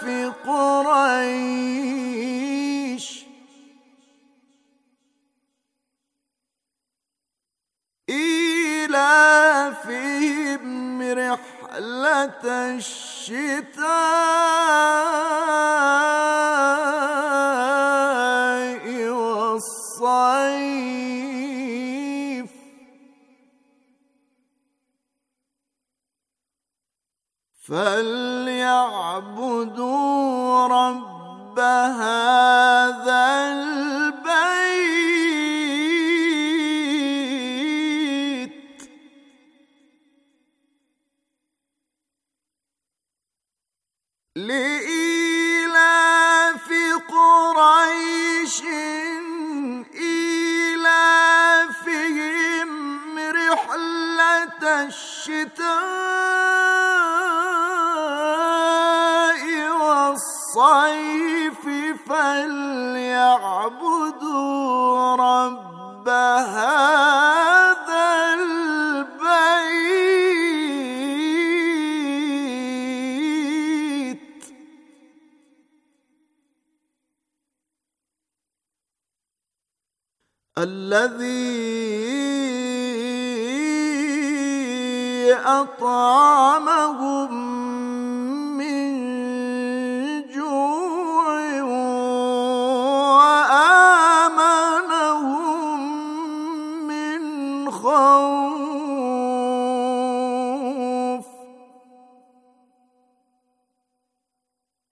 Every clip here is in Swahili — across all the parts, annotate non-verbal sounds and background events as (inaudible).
في قريش إيلافهم رحلة الشتاء والصيف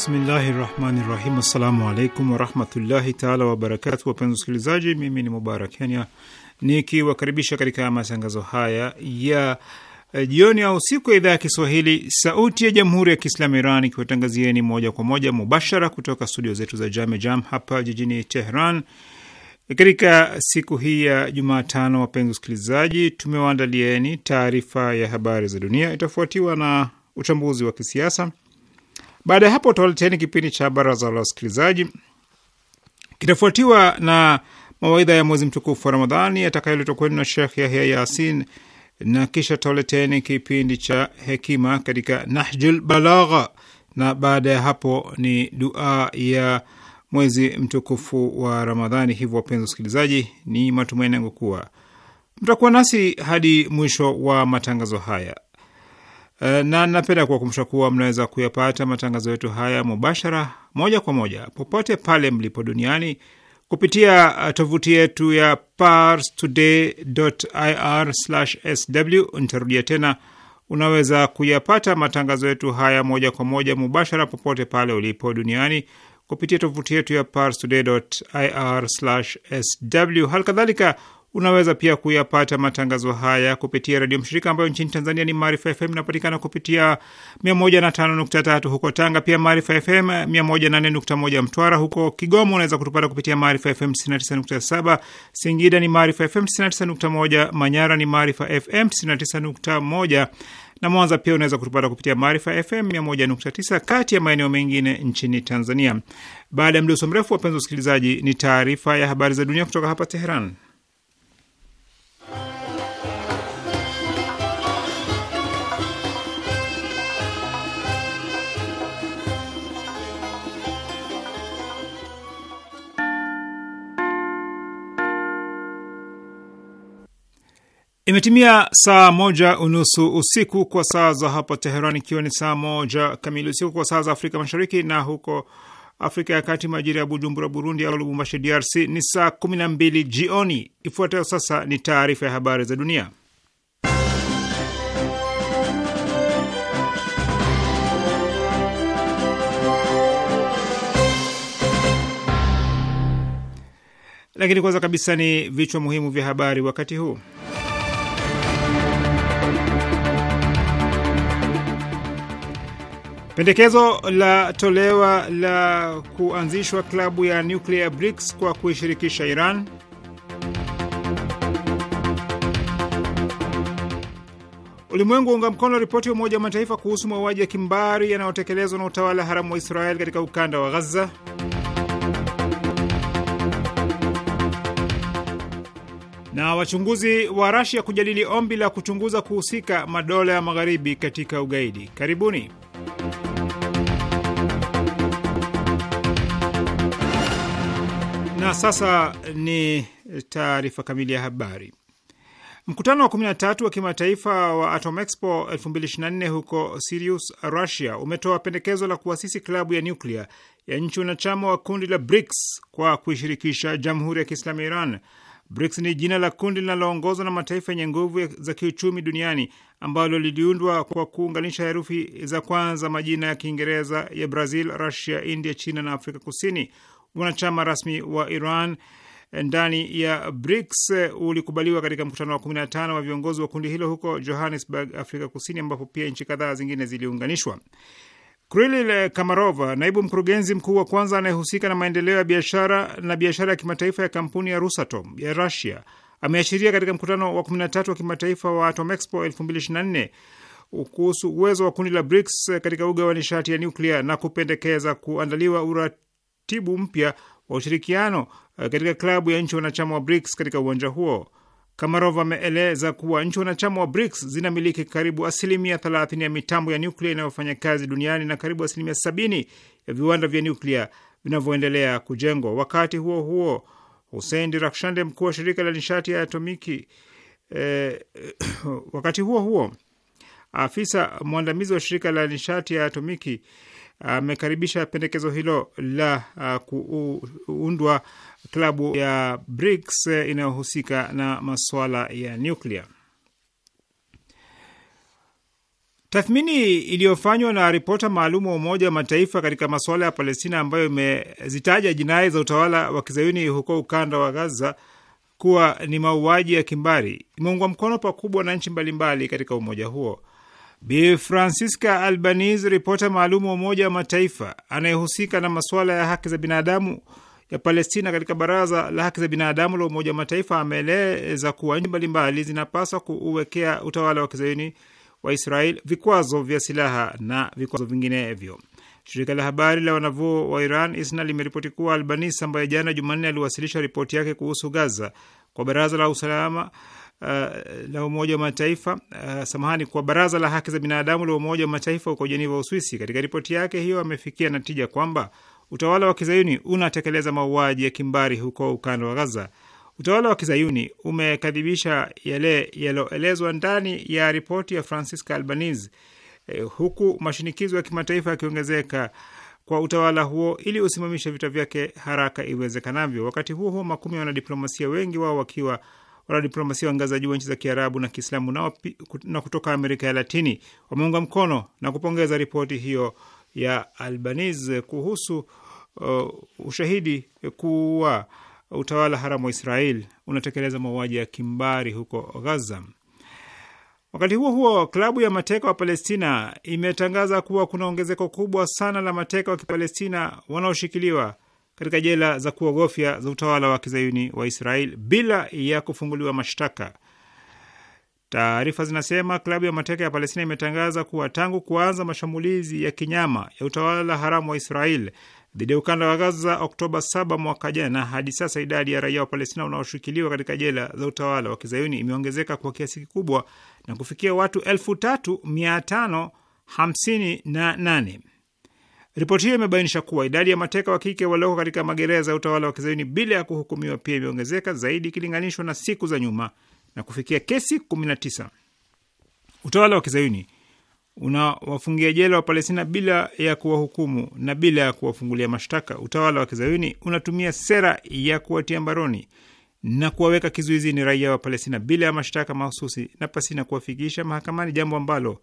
Bismillahi rahmani rahim. Assalamu alaikum warahmatullahi taala wabarakatu. Wapenzi wasikilizaji, mimi ni Mubarak Kenya nikiwakaribisha katika matangazo haya ya eh, jioni au siku ya idhaa ya Kiswahili sauti ya jamhuri ya Kiislamu Iran ikiwatangazieni moja kwa moja mubashara kutoka studio zetu za Jame Jam hapa jijini Tehran. Katika siku hii ya Jumatano, wapenzi wasikilizaji, tumewaandalieni taarifa ya habari za dunia, itafuatiwa na uchambuzi wa kisiasa baada ya hapo tutawaleteni kipindi cha baraza la wasikilizaji, kitafuatiwa na mawaidha ya mwezi mtukufu wa Ramadhani yatakayoletwa kwenu na Shekh Yahya Yasin, na kisha tutawaleteni kipindi cha hekima katika Nahjul Balagha, na baada ya hapo ni dua ya mwezi mtukufu wa Ramadhani. Hivyo wapenzi wasikilizaji, ni matumaini yangu kuwa mtakuwa nasi hadi mwisho wa matangazo haya. Eh, na napenda kuwakumbusha kuwa mnaweza kuyapata matangazo yetu haya mubashara, moja kwa moja, popote pale mlipo duniani kupitia eh, tovuti yetu ya parstoday.ir/sw. Nitarudia tena, unaweza kuyapata matangazo yetu haya moja kwa moja mubashara, popote pale ulipo duniani kupitia tovuti yetu ya parstoday.ir/sw. Hali kadhalika Unaweza pia kuyapata matangazo haya kupitia redio mshirika ambayo nchini Tanzania ni Maarifa FM, inapatikana kupitia 105.3 huko Tanga, pia Maarifa FM 108.1 Mtwara. Huko Kigoma unaweza kutupata kupitia Maarifa FM 99.7. Singida ni Maarifa FM 99.1. Manyara ni Maarifa FM 99.1 na Mwanza pia unaweza kutupata kupitia Maarifa FM 101.9, kati ya maeneo mengine nchini Tanzania. Baada ya mdoso mrefu, wapenzi wa usikilizaji, ni taarifa ya habari za dunia kutoka hapa Teheran. Imetimia saa moja unusu usiku kwa saa za hapa Teheran, ikiwa ni saa moja kamili usiku kwa saa za Afrika Mashariki, na huko Afrika ya Kati majira ya Bujumbura, Burundi, au Lubumbashi, DRC ni saa kumi na mbili jioni. Ifuatayo sasa ni taarifa ya habari za dunia, lakini kwanza kabisa ni vichwa muhimu vya habari wakati huu. Pendekezo la tolewa la kuanzishwa klabu ya nuclear BRICS kwa kuishirikisha Iran. Ulimwengu unga mkono ripoti ya Umoja wa Mataifa kuhusu mauaji ya kimbari yanayotekelezwa na utawala haramu wa Israeli katika ukanda wa Gaza. Na wachunguzi wa Rasia kujadili ombi la kuchunguza kuhusika madola ya magharibi katika ugaidi. Karibuni. Na sasa ni taarifa kamili ya habari. Mkutano wa 13 wa kimataifa wa Atom Expo 2024 huko Sirius, Russia umetoa pendekezo la kuasisi klabu ya nyuklia ya nchi wanachama wa kundi la BRICS kwa kuishirikisha Jamhuri ya Kiislamu ya Iran. BRICS ni jina la kundi linaloongozwa na mataifa yenye nguvu za kiuchumi duniani ambalo liliundwa kwa kuunganisha herufi za kwanza majina ya Kiingereza ya Brazil, Russia, India, China na Afrika Kusini. Wanachama rasmi wa Iran ndani ya BRICS ulikubaliwa katika mkutano wa 15 wa viongozi wa kundi hilo huko Johannesburg, Afrika Kusini, ambapo pia nchi kadhaa zingine ziliunganishwa. Krylil Kamarova, naibu mkurugenzi mkuu wa kwanza anayehusika na maendeleo ya biashara na biashara ya kimataifa ya kampuni ya rusatom ya Russia, ameashiria katika mkutano wa 13 wa kimataifa wa Atomexpo 2024 kuhusu uwezo wa kundi la BRICS katika uga wa nishati ya nuklia na kupendekeza kuandaliwa uratibu mpya wa ushirikiano eh, katika klabu ya nchi wanachama wa BRICS katika uwanja huo. Kamarov ameeleza kuwa nchi wanachama wa BRICS zinamiliki karibu asilimia 30 ya mitambo ya nyuklia inayofanya kazi duniani na karibu asilimia 70 ya viwanda vya nyuklia vinavyoendelea kujengwa. Wakati huo huo, Hussein Rakshande, mkuu wa shirika la nishati ya atomiki eh, (coughs) wakati huo huo, afisa mwandamizi wa shirika la nishati ya atomiki amekaribisha pendekezo hilo la kuundwa klabu ya BRICS inayohusika na masuala ya nyuklia. Tathmini iliyofanywa na ripota maalum wa Umoja wa Mataifa katika masuala ya Palestina, ambayo imezitaja jinai za utawala wa kizayuni huko ukanda wa Gaza kuwa ni mauaji ya kimbari, imeungwa mkono pakubwa na nchi mbalimbali katika umoja huo. Bi Francisca Albanese, ripota maalum wa Umoja wa Mataifa anayehusika na masuala ya haki za binadamu ya Palestina katika Baraza la Haki za Binadamu la Umoja wa Mataifa, ameeleza kuwa nchi mbalimbali zinapaswa kuuwekea utawala wa kizayuni wa Israel vikwazo vya silaha na vikwazo vinginevyo. Shirika la habari la wanavuo wa Iran ISNA limeripoti kuwa Albanese ambaye jana Jumanne aliwasilisha ripoti yake kuhusu Gaza kwa Baraza la Usalama uh, la Umoja wa Mataifa uh, samahani, kwa Baraza la Haki za Binadamu la Umoja wa Mataifa huko Jeniva, Uswisi. Katika ripoti yake hiyo amefikia natija kwamba utawala wa kizayuni unatekeleza mauaji ya kimbari huko ukanda wa Gaza. Utawala wa kizayuni umekadhibisha yale yaliyoelezwa ndani ya ripoti ya Francisca Albanese eh, huku mashinikizo ya kimataifa yakiongezeka kwa utawala huo ili usimamishe vita vyake haraka iwezekanavyo. Wakati huo huo, makumi ya wanadiplomasia wengi wao wakiwa wanadiplomasia wa ngazi za juu wa nchi za Kiarabu na Kiislamu na, na kutoka Amerika ya Latini wameunga mkono na kupongeza ripoti hiyo ya Albanese kuhusu uh, ushahidi kuwa utawala haramu wa Israel unatekeleza mauaji ya kimbari huko Gaza. Wakati huo huo, klabu ya mateka wa Palestina imetangaza kuwa kuna ongezeko kubwa sana la mateka wa Kipalestina wanaoshikiliwa katika jela za kuogofya za utawala wa kizayuni wa Israel bila ya kufunguliwa mashtaka. Taarifa zinasema klabu ya mateka ya Palestina imetangaza kuwa tangu kuanza mashambulizi ya kinyama ya utawala haramu wa Israel dhidi ya ukanda wa Gaza Oktoba 7 mwaka jana hadi sasa idadi ya raia wa Palestina wanaoshikiliwa katika jela za utawala wa kizayuni imeongezeka kwa kiasi kikubwa na kufikia watu elfu tatu mia tano hamsini na nane. Ripoti hiyo imebainisha kuwa idadi ya mateka wa kike walioko katika magereza ya utawala wa kizayuni bila ya kuhukumiwa pia imeongezeka zaidi ikilinganishwa na siku za nyuma na kufikia kesi 19. Utawala wa kizayuni unawafungia jela wa Palestina bila ya kuwahukumu na bila ya kuwafungulia mashtaka. Utawala wa kizayuni unatumia sera ya kuwatia mbaroni na kuwaweka kizuizini raia wa Palestina bila ya mashtaka mahususi na pasina kuwafikisha mahakamani, jambo ambalo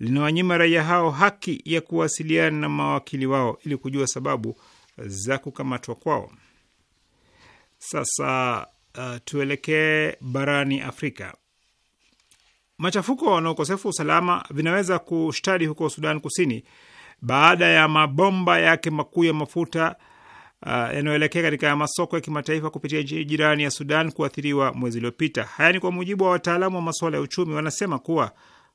linawanyima raia hao haki ya kuwasiliana na mawakili wao ili kujua sababu za kukamatwa kwao. Sasa uh, tuelekee barani Afrika. Machafuko na ukosefu wa usalama vinaweza kushtadi huko Sudan Kusini baada ya mabomba yake makuu ya mafuta uh, yanayoelekea katika masoko ya kimataifa kupitia jirani ya Sudan kuathiriwa mwezi uliopita. Haya ni kwa mujibu wa wataalamu wa masuala ya uchumi, wanasema kuwa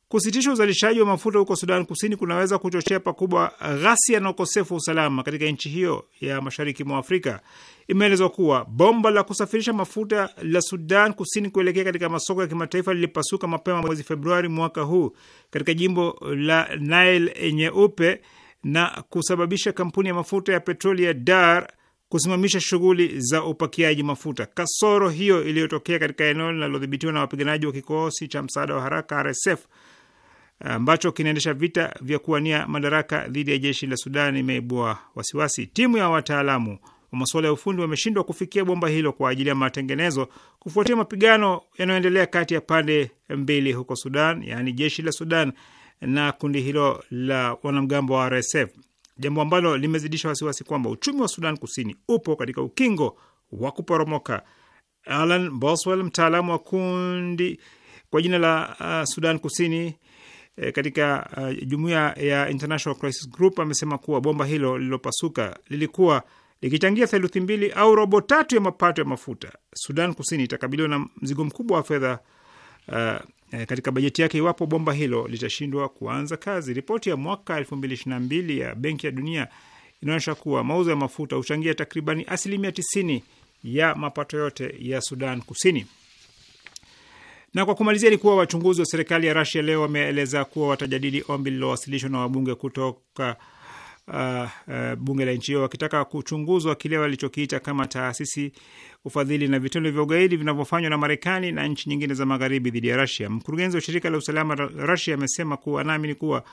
Kusitisha uzalishaji wa mafuta huko Sudan Kusini kunaweza kuchochea pakubwa ghasia na ukosefu wa usalama katika nchi hiyo ya mashariki mwa Afrika. Imeelezwa kuwa bomba la kusafirisha mafuta la Sudan Kusini kuelekea katika masoko ya kimataifa lilipasuka mapema mwezi Februari mwaka huu katika jimbo la Nile Nyeupe na kusababisha kampuni ya mafuta ya petroli ya Dar kusimamisha shughuli za upakiaji mafuta. Kasoro hiyo iliyotokea katika eneo linalodhibitiwa na wapiganaji wa kikosi cha msaada wa haraka RSF ambacho kinaendesha vita vya kuwania madaraka dhidi ya jeshi la Sudan imeibua wasiwasi. Timu ya wataalamu wa masuala ya ufundi wameshindwa kufikia bomba hilo kwa ajili ya matengenezo kufuatia mapigano yanayoendelea kati ya pande mbili huko Sudan, yaani jeshi la Sudan na kundi hilo la wanamgambo wa RSF, jambo ambalo limezidisha wasiwasi kwamba uchumi wa Sudan Kusini upo katika ukingo wa kuporomoka. Alan Boswell, mtaalamu wa kundi kwa jina la uh, Sudan Kusini Eh, katika uh, jumuiya ya International Crisis Group amesema kuwa bomba hilo lililopasuka lilikuwa likichangia theluthi mbili au robo tatu ya mapato ya mafuta. Sudan Kusini itakabiliwa na mzigo mkubwa wa fedha uh, katika bajeti yake iwapo bomba hilo litashindwa kuanza kazi. Ripoti ya mwaka 2022 ya Benki ya Dunia inaonyesha kuwa mauzo ya mafuta huchangia takribani asilimia 90 ya mapato yote ya Sudan Kusini. Na kwa kumalizia ni kuwa wachunguzi wa serikali ya Rasia leo wameeleza kuwa watajadili ombi lililowasilishwa na wabunge kutoka uh, uh, bunge la nchi hiyo wakitaka kuchunguzwa kile walichokiita kama taasisi ufadhili na vitendo vya ugaidi vinavyofanywa na Marekani na nchi nyingine za magharibi dhidi ya Rasia. Mkurugenzi wa shirika la usalama la Rasia amesema kuwa anaamini kuwa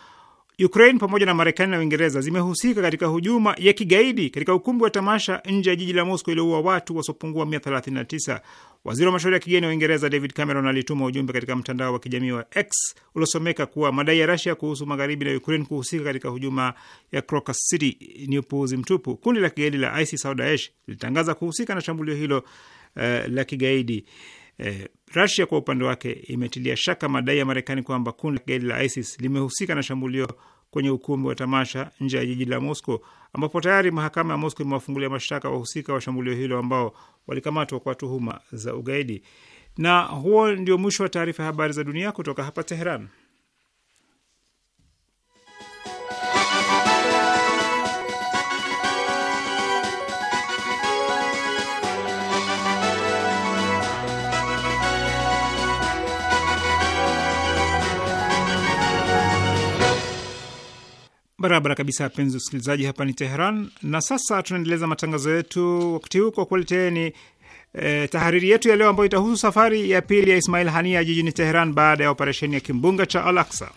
Ukraine pamoja na Marekani na Uingereza zimehusika katika hujuma ya kigaidi katika ukumbi wa tamasha nje ya jiji la Moscow iliyoua watu wasiopungua 139. Waziri wa mashauri ya kigeni wa Uingereza David Cameron alituma ujumbe katika mtandao wa kijamii wa X uliosomeka kuwa madai ya Russia kuhusu magharibi na Ukraine kuhusika katika hujuma ya Crocus City ni upuuzi mtupu. Kundi la kigaidi la ISIS au Daesh lilitangaza kuhusika na shambulio hilo uh, la kigaidi. E, kwa upande wake imetilia shaka madai ya Marekani kwamba kundi la kigaidi la ISIS limehusika na shambulio kwenye ukumbi wa tamasha nje ya jiji la mosco ambapo tayari mahakama ya mosco imewafungulia mashtaka wahusika wa shambulio hilo ambao walikamatwa kwa tuhuma za ugaidi. Na huo ndio mwisho wa taarifa ya habari za dunia kutoka hapa Teheran. Barabara kabisa, wapenzi usikilizaji, hapa ni Teheran na sasa tunaendeleza matangazo yetu wakati huu kwa kuleteni eh, tahariri yetu ya leo ambayo itahusu safari ya pili ya Ismail Hania jijini Teheran baada ya operesheni ya kimbunga cha Al-Aqsa.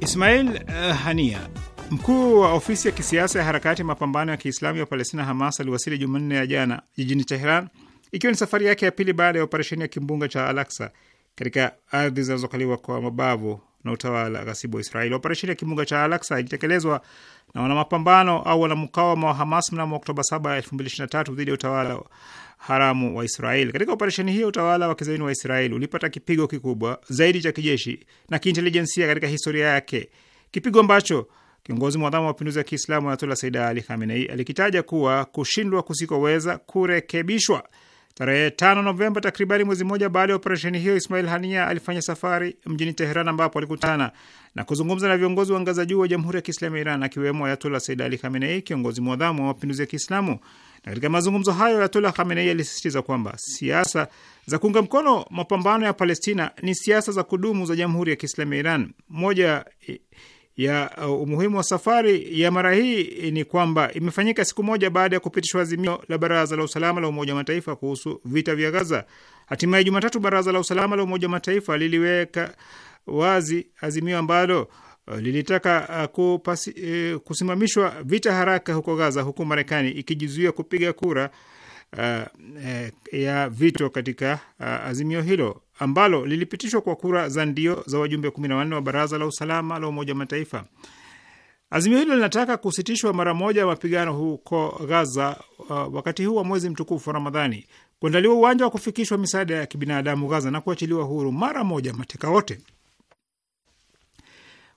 Ismail uh, Hania mkuu wa ofisi ya kisiasa ya harakati ya mapambano ya Kiislamu ya Palestina Hamas aliwasili Jumanne ya jana jijini Teheran ikiwa ni safari yake ya pili baada ya operesheni ya kimbunga cha Alaksa katika ardhi zinazokaliwa kwa mabavu na utawala ghasibu wa Israeli. Operesheni ya kimbunga cha Alaksa ilitekelezwa na wanamapambano au wanamukawama wa Hamas mnamo Oktoba 7, 2023 dhidi ya utawala haramu wa Israeli. Katika operesheni hiyo, utawala wa kizayuni wa Israeli ulipata kipigo kikubwa zaidi cha kijeshi na kiintelijensia katika historia yake, kipigo ambacho kiongozi mwadhamu wa mapinduzi ya Kiislamu Ayatullah Sayyid Ali Khamenei alikitaja kuwa kushindwa kusikoweza kurekebishwa. Tarehe tano Novemba, takribani mwezi mmoja baada ya operesheni hiyo, Ismail Hania alifanya safari mjini Teheran ambapo alikutana na kuzungumza na viongozi wa ngazi juu wa Jamhuri ya Kiislamu ya Iran akiwemo Ayatullah Said Ali Khamenei, kiongozi mwadhamu wa mapinduzi ya Kiislamu. Na katika mazungumzo hayo, Ayatullah Khamenei alisisitiza kwamba siasa za kuunga mkono mapambano ya Palestina ni siasa za kudumu za Jamhuri ya Kiislamu ya Iran. Moja ya uh, umuhimu wa safari ya mara hii ni kwamba imefanyika siku moja baada ya kupitishwa azimio la Baraza la Usalama la Umoja wa Mataifa kuhusu vita vya Gaza. Hatimaye Jumatatu, Baraza la Usalama la Umoja wa Mataifa liliweka wazi azimio ambalo uh, lilitaka uh, kupasi, kusimamishwa vita haraka huko Gaza, huku Marekani ikijizuia kupiga kura uh, ya vito katika uh, azimio hilo ambalo lilipitishwa kwa kura za ndio za wajumbe 14 wa Baraza la Usalama la Umoja wa Mataifa. Azimio hilo linataka kusitishwa mara moja mapigano huko Gaza uh, wakati huu wa mwezi mtukufu wa Ramadhani, kuandaliwa uwanja wa kufikishwa misaada ya kibinadamu Gaza na kuachiliwa huru mara moja mateka wote.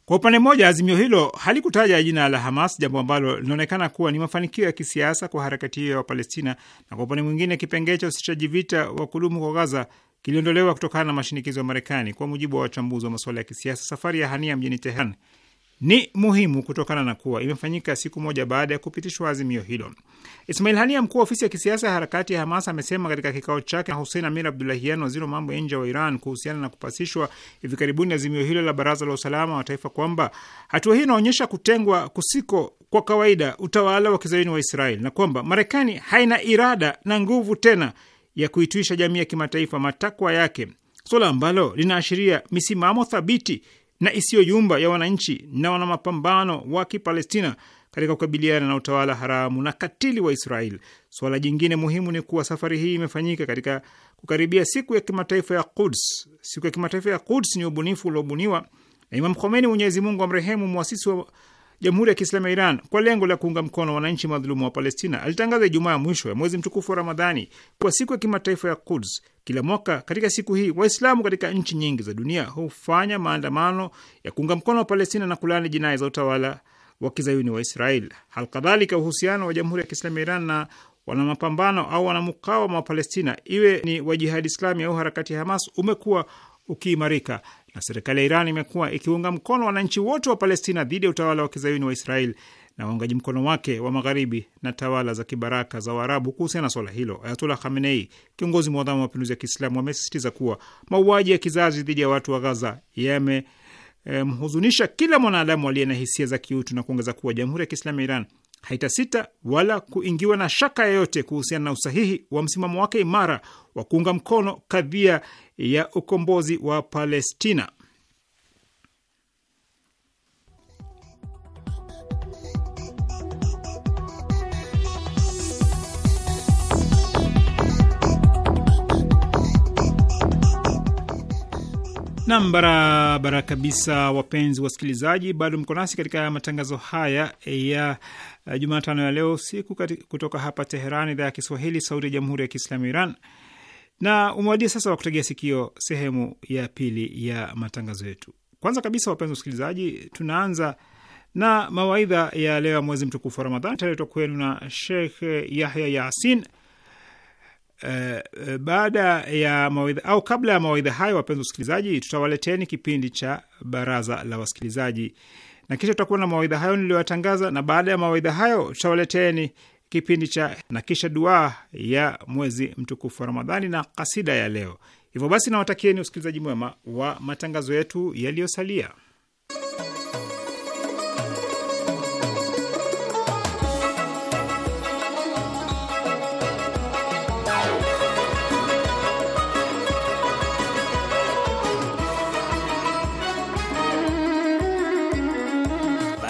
Kwa upande mmoja, azimio hilo halikutaja jina la Hamas, jambo ambalo linaonekana kuwa ni mafanikio ya kisiasa kwa harakati hiyo ya Wapalestina, na kwa upande mwingine, kipengee cha usitishaji vita wa kudumu kwa Gaza kiliondolewa kutokana na mashinikizo ya Marekani. Kwa mujibu wa wachambuzi wa masuala ya kisiasa, safari ya Hania mjini Tehran ni muhimu kutokana na kuwa imefanyika siku moja baada ya kupitishwa azimio hilo. Ismail Hania, mkuu wa ofisi ya kisiasa ya harakati ya Hamas, amesema katika kikao chake na Hussein Amir Abdulahian, waziri wa mambo ya nje wa Iran, kuhusiana na kupasishwa hivi karibuni azimio hilo la Baraza la Usalama wa Taifa kwamba hatua hii inaonyesha kutengwa kusiko kwa kawaida utawala wa kizayuni wa Israel na kwamba Marekani haina irada na nguvu tena ya kuituisha jamii ya kimataifa matakwa yake, suala ambalo linaashiria misimamo thabiti na isiyoyumba ya wananchi na wanamapambano wa Kipalestina katika kukabiliana na utawala haramu na katili wa Israel. Suala jingine muhimu ni kuwa safari hii imefanyika katika kukaribia siku ya kimataifa ya Quds. Siku ya kimataifa ya Quds ni ubunifu uliobuniwa na Imam Khomeini, Mwenyezi Mungu amrehemu, mwasisi wa Jamhuri ya Kiislamu ya Iran kwa lengo la kuunga mkono wananchi madhulumu wa Palestina. Alitangaza Ijumaa ya mwisho ya mwezi mtukufu wa Ramadhani kwa siku ya kimataifa ya Quds. Kila mwaka katika siku hii Waislamu katika nchi nyingi za dunia hufanya maandamano ya kuunga mkono wa Palestina na kulaani jinai za utawala wa kizayuni wa Israel. Halikadhalika, uhusiano wa Jamhuri ya Kiislamu ya Iran na wanamapambano au wanamukawama wa Palestina, iwe ni wa Jihadi Islami au harakati ya Hamas, umekuwa ukiimarika na serikali ya Iran imekuwa ikiunga mkono wananchi wote wa Palestina dhidi ya utawala wa kizayuni wa Israel na waungaji mkono wake wa magharibi na tawala za kibaraka za Waarabu. Kuhusiana na swala hilo, Ayatullah Khamenei, kiongozi mwadhamu wa mapinduzi ya Kiislamu, amesisitiza kuwa mauaji ya kizazi dhidi ya watu wa Gaza yamemhuzunisha kila mwanadamu aliye na hisia za kiutu na kuongeza kuwa Jamhuri ya Kiislamu ya Iran haitasita wala kuingiwa na shaka yoyote kuhusiana na usahihi wa msimamo wake imara wa kuunga mkono kadhia ya ukombozi wa Palestina. Nam, barabara kabisa, wapenzi wasikilizaji, bado mko nasi katika matangazo haya ya eh, Jumatano ya leo siku kutoka hapa Teheran, idhaa ya Kiswahili, sauti ya jamhuri ya kiislamu ya Iran. Na umewadia sasa wa kutegea sikio sehemu ya pili ya matangazo yetu. Kwanza kabisa, wapenzi wasikilizaji, tunaanza na mawaidha ya leo ya mwezi mtukufu wa Ramadhani, italetwa kwenu na shekh Yahya Yasin Eh, eh, baada ya mawaidha au kabla ya mawaidha hayo, wapenzi wasikilizaji, tutawaleteni kipindi cha baraza la wasikilizaji na kisha tutakuwa na mawaidha hayo niliyoyatangaza, na baada ya mawaidha hayo tutawaleteni kipindi cha na kisha dua ya mwezi mtukufu wa Ramadhani na kasida ya leo. Hivyo basi, nawatakieni usikilizaji mwema wa matangazo yetu yaliyosalia.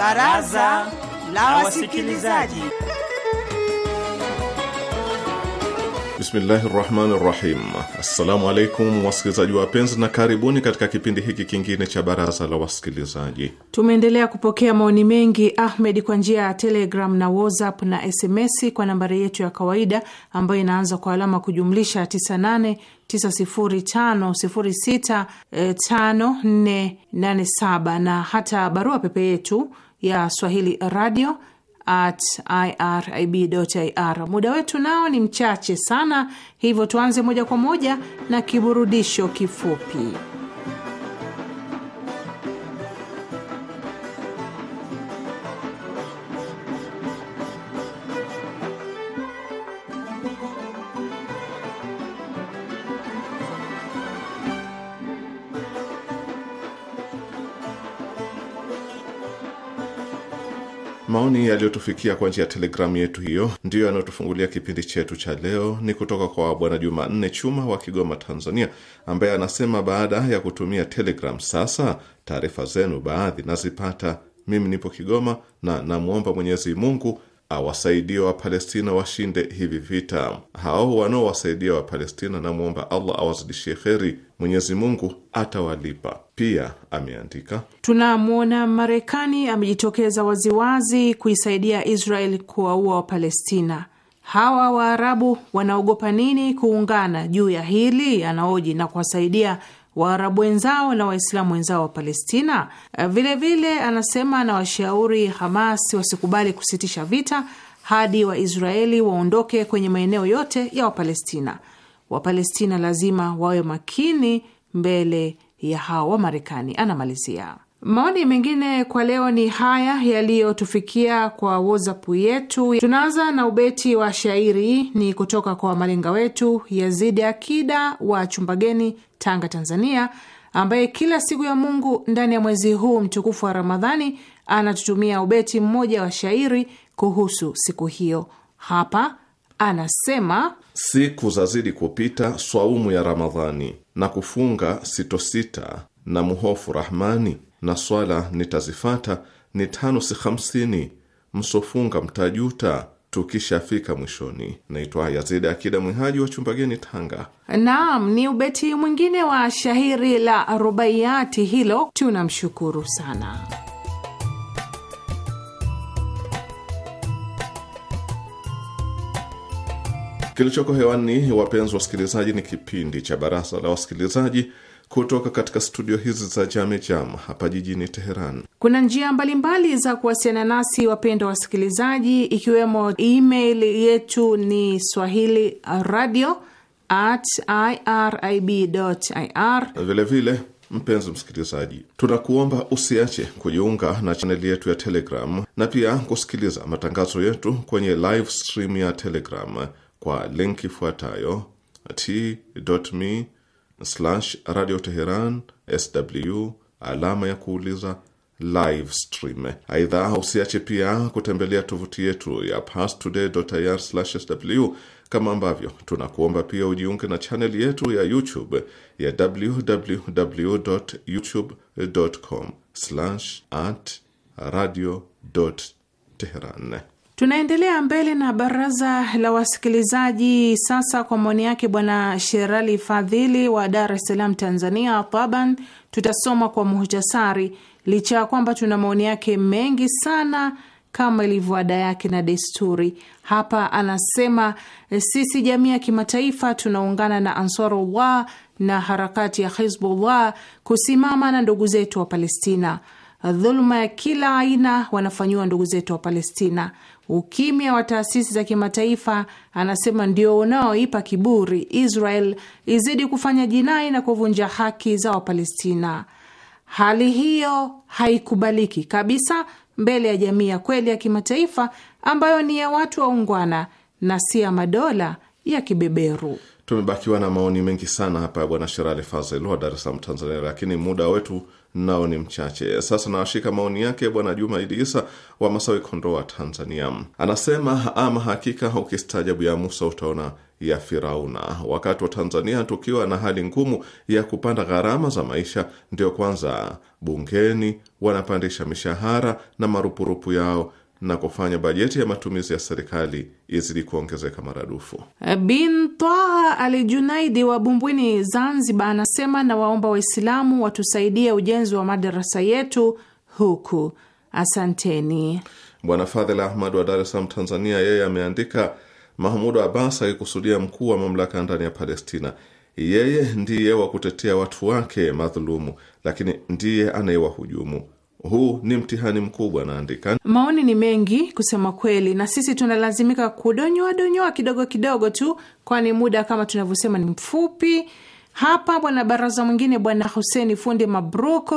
Baraza la Wasikilizaji. Bismillahi rahmani rahim. Assalamu alaikum wasikilizaji wapenzi, na karibuni katika kipindi hiki kingine cha baraza la wasikilizaji. Tumeendelea kupokea maoni mengi Ahmed, kwa njia ya Telegram na WhatsApp na SMS kwa nambari yetu ya kawaida ambayo inaanza kwa alama kujumlisha 989050065487 eh, na hata barua pepe yetu ya Swahili radio at irib.ir. Muda wetu nao ni mchache sana, hivyo tuanze moja kwa moja na kiburudisho kifupi. maoni yaliyotufikia kwa njia ya telegramu yetu hiyo ndiyo yanayotufungulia kipindi chetu cha leo. Ni kutoka kwa Bwana Jumanne Chuma wa Kigoma, Tanzania, ambaye anasema baada ya kutumia telegram sasa taarifa zenu baadhi nazipata. Mimi nipo Kigoma na namwomba Mwenyezi Mungu awasaidie Wapalestina washinde hivi vita. Hao wanaowasaidia Wapalestina, namwomba Allah awazidishie kheri, Mwenyezi Mungu atawalipa pia. Ameandika, tunamwona Marekani amejitokeza waziwazi kuisaidia Israel kuwaua Wapalestina. Hawa Waarabu wanaogopa nini kuungana juu ya hili? Anaoji na kuwasaidia Waarabu wenzao na Waislamu wenzao wa Palestina. Vilevile eh, vile, anasema na washauri Hamas wasikubali kusitisha vita hadi Waisraeli waondoke kwenye maeneo yote ya Wapalestina. Wapalestina lazima wawe makini mbele ya hawa Wamarekani, anamalizia. Maoni mengine kwa leo ni haya yaliyotufikia kwa WhatsApp yetu. Tunaanza na ubeti wa shairi, ni kutoka kwa malenga wetu Yazidi Akida wa Chumbageni, Tanga, Tanzania, ambaye kila siku ya Mungu ndani ya mwezi huu mtukufu wa Ramadhani anatutumia ubeti mmoja wa shairi kuhusu siku hiyo. Hapa anasema: siku zazidi kupita, swaumu ya Ramadhani na kufunga sitosita, na muhofu Rahmani na swala nitazifata ni tano si hamsini, msofunga mtajuta tukishafika mwishoni. Naitwa Yazidi Akida Mwihaji wa Chumbageni, Tanga. Naam, ni ubeti mwingine wa shahiri la rubaiyati hilo, tunamshukuru sana. Kilichoko hewani, wapenzi wasikilizaji, ni kipindi cha Baraza la Wasikilizaji kutoka katika studio hizi za Jamejam hapa jijini Teheran. Kuna njia mbalimbali za kuwasiliana nasi, wapendwa wasikilizaji, ikiwemo email yetu ni swahili radio at irib ir. Vilevile mpenzi msikilizaji, tunakuomba usiache kujiunga na chaneli yetu ya Telegram na pia kusikiliza matangazo yetu kwenye live stream ya Telegram kwa linki ifuatayo t.me radioteheran radio Teheran sw alama ya kuuliza live stream. Aidha, usiache pia kutembelea tovuti yetu ya pastoday.ir/sw, kama ambavyo tunakuomba pia ujiunge na chaneli yetu ya YouTube ya www.youtube.com/at radio Teheran. Tunaendelea mbele na baraza la wasikilizaji sasa. Kwa maoni yake Bwana Sherali Fadhili wa Dar es Salaam, Tanzania, taban tutasoma kwa muhtasari, licha ya kwamba tuna maoni yake mengi sana kama ilivyo ada yake na desturi. Hapa anasema sisi jamii ya kimataifa tunaungana na Ansarullah na harakati ya Hizbullah kusimama na ndugu zetu wa Palestina dhuluma ya kila aina wanafanyiwa ndugu zetu wa Palestina. Ukimya wa taasisi za kimataifa, anasema, ndio unaoipa kiburi Israel izidi kufanya jinai na kuvunja haki za Wapalestina. Hali hiyo haikubaliki kabisa mbele ya jamii ya kweli ya kimataifa ambayo ni ya watu waungwana na si ya madola ya kibeberu. Tumebakiwa na maoni mengi sana hapa ya Bwana Sherali Fazel wa Dar es Salaam, Tanzania, lakini muda wetu nao ni mchache. Sasa nawashika maoni yake Bwana Juma Idi Isa wa Masawi, Kondoa, Tanzania. Anasema, ama hakika ukistaajabu ya Musa utaona ya Firauna. Wakati wa Tanzania tukiwa na hali ngumu ya kupanda gharama za maisha, ndio kwanza bungeni wanapandisha mishahara na marupurupu yao na kufanya bajeti ya matumizi ya serikali izidi kuongezeka maradufu. Bin Twaha Alijunaidi Junaidi wa Bumbwini, Zanzibar, anasema nawaomba Waislamu watusaidie ujenzi wa madarasa yetu huku, asanteni. Bwana Fadhel Ahmad wa Dar es Salaam, Tanzania, yeye ameandika, Mahmud Abbas akikusudia mkuu wa mamlaka ndani ya Palestina, yeye ndiye wa kutetea watu wake madhulumu, lakini ndiye anayewahujumu huu ni mtihani mkubwa, naandika Maoni ni mengi kusema kweli, na sisi tunalazimika kudonyoa donyoa kidogo kidogo tu, kwani muda kama tunavyosema ni mfupi. Hapa bwana baraza mwingine, bwana Huseni Fundi Mabruk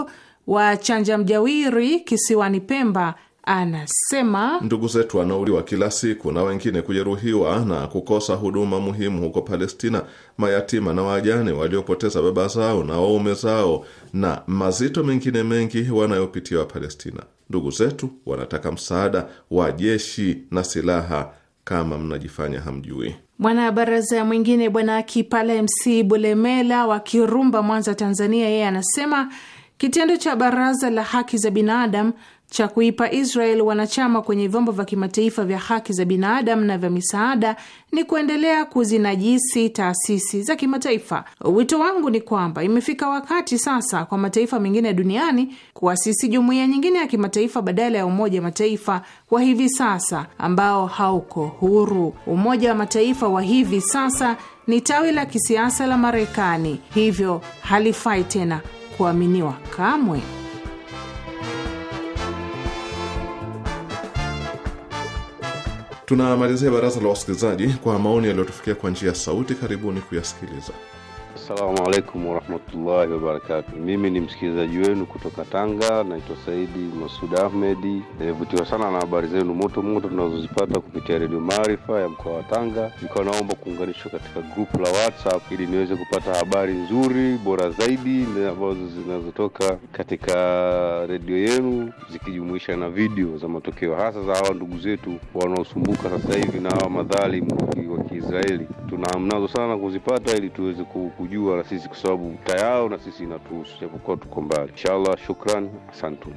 wa Chanja Mjawiri kisiwani Pemba anasema ndugu zetu wanauliwa kila siku na wengine kujeruhiwa na kukosa huduma muhimu huko Palestina, mayatima na wajane waliopoteza baba zao na waume zao, na mazito mengine mengi wanayopitia wa Palestina. Ndugu zetu wanataka msaada wa jeshi na silaha, kama mnajifanya hamjui. Mwanabaraza mwingine Bwana Kipala MC Bulemela wa Kirumba, Mwanza, Tanzania, yeye anasema kitendo cha Baraza la Haki za Binadamu cha kuipa Israel wanachama kwenye vyombo vya kimataifa vya haki za binadamu na vya misaada ni kuendelea kuzinajisi taasisi za kimataifa. Wito wangu ni kwamba imefika wakati sasa kwa mataifa mengine duniani kuasisi jumuiya nyingine ya kimataifa badala ya Umoja wa Mataifa wa hivi sasa ambao hauko huru. Umoja wa Mataifa wa hivi sasa ni tawi la kisiasa la Marekani, hivyo halifai tena kuaminiwa kamwe. Tunamalizia baraza la wasikilizaji kwa maoni yaliyotufikia kwa njia ya sauti. Karibuni kuyasikiliza. Assalamu alaikum warahmatullahi wabarakatu. Mimi ni msikilizaji wenu kutoka Tanga, naitwa Saidi Masud Ahmedi. Nimevutiwa sana na habari zenu moto moto tunazozipata kupitia Redio Maarifa ya mkoa wa Tanga. Nilikuwa naomba kuunganishwa katika grupu la WhatsApp ili niweze kupata habari nzuri bora zaidi ambazo zinazotoka katika redio yenu zikijumuisha na video za matokeo, hasa za hawa ndugu zetu wanaosumbuka sasa hivi na hawa madhalimu wa Kiisraeli. tunamnazo sana kuzipata ili tuweze ku wanatujua na sisi, kwa sababu tayao na sisi inatuhusu, japokuwa tuko mbali. Inshallah, shukran, asantuni.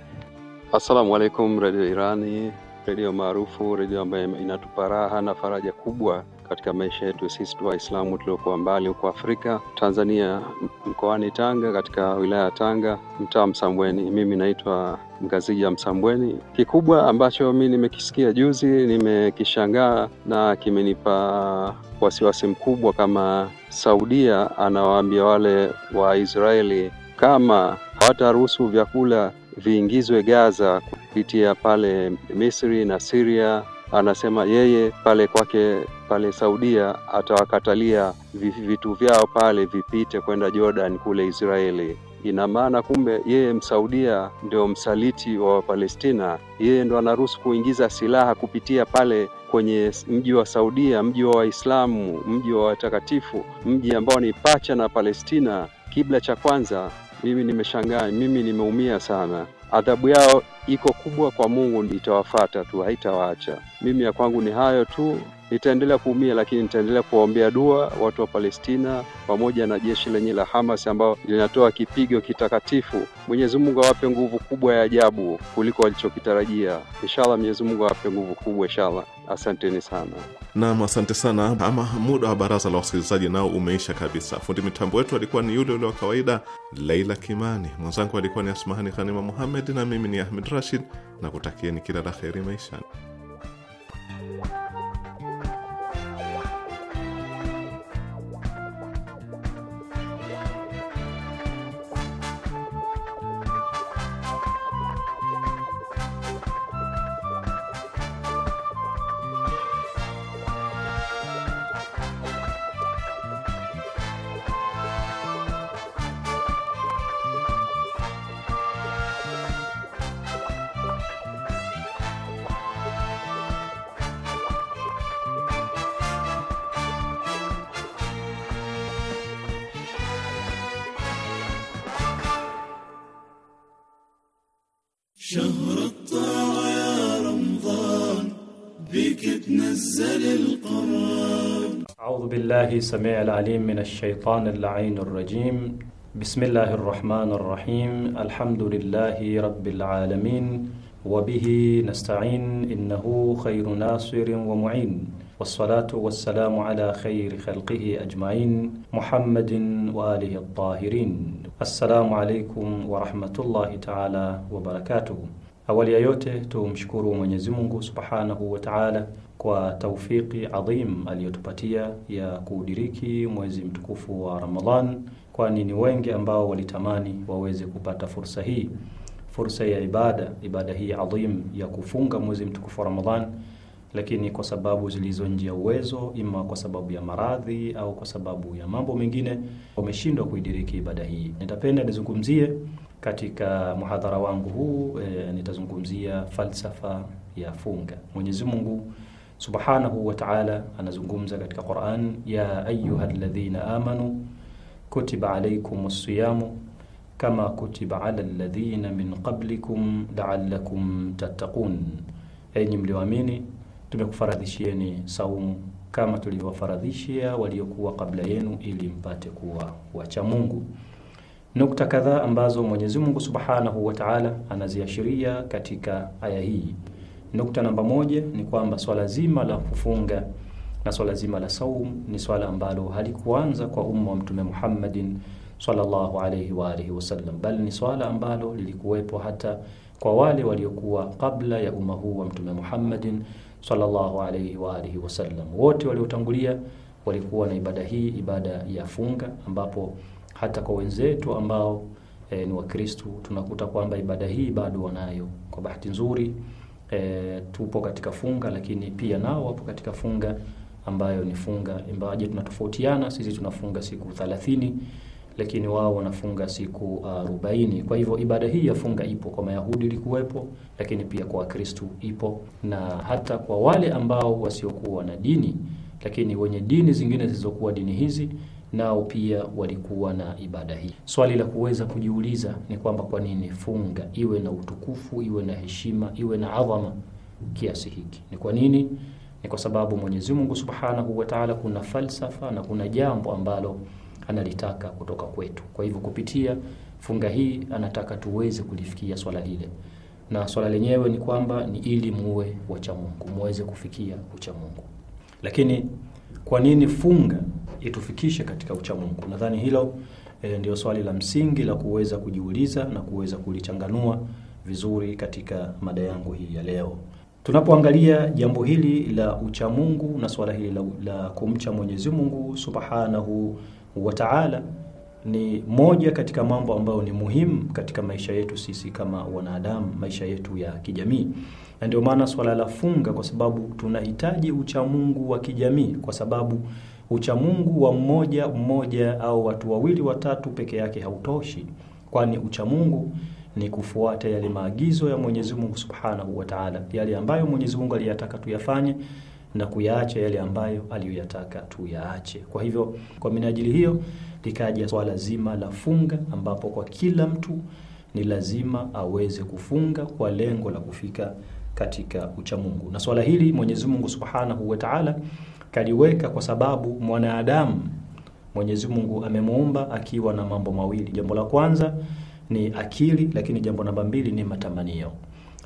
Assalamu alaikum, redio Irani, redio maarufu, redio ambayo inatupa raha na faraja kubwa katika maisha yetu sisi tu Waislamu tuliokuwa mbali huko Afrika, Tanzania, mkoani Tanga, katika wilaya ya Tanga, mtaa Msambweni. Mimi naitwa Mgazija Msambweni. Kikubwa ambacho mi nimekisikia juzi, nimekishangaa na kimenipa wasiwasi mkubwa, kama Saudia anawaambia wale Waisraeli kama hawataruhusu vyakula viingizwe Gaza kupitia pale Misri na Siria, anasema yeye pale kwake pale Saudia atawakatalia vitu vyao pale vipite kwenda Jordan kule Israeli. Ina maana kumbe yeye msaudia ndio msaliti wa Wapalestina, yeye ndo anaruhusu kuingiza silaha kupitia pale kwenye mji wa Saudia, mji wa Waislamu, mji wa watakatifu, mji ambao ni pacha na Palestina, kibla cha kwanza. Mimi nimeshangaa, mimi nimeumia sana. Adhabu yao iko kubwa kwa Mungu, itawafata tu, haitawaacha. Mimi ya kwangu ni hayo tu. Nitaendelea kuumia, lakini nitaendelea kuwaombea dua watu wa Palestina pamoja na jeshi lenye la Hamas ambao linatoa kipigo kitakatifu. Mwenyezi Mungu awape nguvu kubwa ya ajabu kuliko walichokitarajia. Inshallah, Mwenyezi Mungu awape nguvu kubwa inshallah. Asanteni sana. Naam, asante sana. Ama muda wa baraza la wasikilizaji nao umeisha kabisa. Fundi mitambo wetu alikuwa ni yule ule wa kawaida, Leila Kimani. Mwenzangu alikuwa ni Asmahani Ghanima muhammed na mimi ni Ahmed Rashid, na kutakieni kila la kheri maishani. شهر الطاعة يا رمضان بك تنزل القرآن أعوذ بالله سميع العليم من الشيطان اللعين الرجيم بسم الله الرحمن الرحيم الحمد لله رب العالمين وبه نستعين إنه خير ناصر ومعين والصلاة والسلام على خير خلقه أجمعين محمد وآله الطاهرين Assalamu alaikum warahmatullahi taala wabarakatuhu. Awali ya yote tumshukuru Mwenyezi Mungu subhanahu wa taala kwa taufiki adhim aliyotupatia ya kuudiriki mwezi mtukufu wa Ramadhan, kwani ni wengi ambao walitamani waweze kupata fursa hii, fursa ya ibada, ibada hii adhim ya kufunga mwezi mtukufu wa Ramadhan lakini kwa sababu zilizo nje ya uwezo, ima kwa sababu ya maradhi au kwa sababu ya mambo mengine, wameshindwa kuidiriki ibada hii. Nitapenda nizungumzie katika muhadhara wangu huu e, nitazungumzia falsafa ya funga. Mwenyezi Mungu Subhanahu wa Ta'ala anazungumza katika Qur'an, ya ladhina amanu kutiba alaikum siyamu kama kutiba ala ladhina min qablikum la'allakum tattaqun, enyi mlioamini tumekufaradhishieni saumu kama tulivyofaradhishia waliokuwa kabla yenu ili mpate kuwa wacha Mungu. Nukta kadhaa ambazo Mwenyezi Mungu Subhanahu wa Ta'ala anaziashiria katika aya hii. Nukta namba moja ni kwamba swala zima la kufunga na swala zima la saumu ni swala ambalo halikuanza kwa umma wa Mtume Muhammadin sallallahu alayhi wa alihi wasallam, bali ni swala ambalo lilikuwepo hata kwa wale waliokuwa kabla ya umma huu wa Mtume Muhammadin sallallahu alayhi wa alihi wasallam. Wote waliotangulia walikuwa na ibada hii, ibada ya funga, ambapo hata kwa wenzetu ambao e, ni Wakristo tunakuta kwamba ibada hii bado wanayo. Kwa bahati nzuri e, tupo katika funga, lakini pia nao wapo katika funga ambayo ni funga ingawaje tunatofautiana. Sisi tunafunga siku thalathini lakini wao wanafunga siku uh, arobaini. Kwa hivyo ibada hii ya funga ipo kwa Mayahudi, ilikuwepo, lakini pia kwa Wakristu ipo, na hata kwa wale ambao wasiokuwa na dini, lakini wenye dini zingine zilizokuwa dini hizi nao pia walikuwa na ibada hii. Swali la kuweza kujiuliza ni kwamba kwa nini funga iwe na utukufu, iwe na heshima, iwe na adhama kiasi hiki? Ni kwa nini? Ni kwa sababu Mwenyezi Mungu Subhanahu wa Ta'ala, kuna falsafa na kuna jambo ambalo analitaka kutoka kwetu. Kwa hivyo kupitia funga hii anataka tuweze kulifikia swala lile, na swala lenyewe ni kwamba ni ili muwe wacha Mungu, muweze kufikia ucha Mungu. Lakini kwa nini funga itufikishe katika ucha Mungu? Nadhani hilo e, ndio swali la msingi la kuweza kujiuliza na kuweza kulichanganua vizuri katika mada yangu hii ya leo. Tunapoangalia jambo hili la ucha Mungu na swala hili la, la kumcha Mwenyezi Mungu Subhanahu wa ta'ala ni moja katika mambo ambayo ni muhimu katika maisha yetu sisi kama wanadamu, maisha yetu ya kijamii. Na ndio maana swala la funga, kwa sababu tunahitaji uchamungu wa kijamii, kwa sababu uchamungu wa mmoja mmoja au watu wawili watatu peke yake hautoshi, kwani uchamungu ni kufuata yale maagizo ya Mwenyezi Mungu Subhanahu wa Ta'ala, yale ambayo Mwenyezi Mungu aliyataka tuyafanye na kuyaacha yale ambayo aliyoyataka tuyaache. Kwa hivyo, kwa minajili hiyo likaja swala zima la funga, ambapo kwa kila mtu ni lazima aweze kufunga kwa lengo la kufika katika uchamungu. Na swala hili Mwenyezi Mungu Subhanahu wa Ta'ala kaliweka kwa sababu mwanadamu Mwenyezi Mungu amemuumba akiwa na mambo mawili. Jambo la kwanza ni akili, lakini jambo namba mbili ni matamanio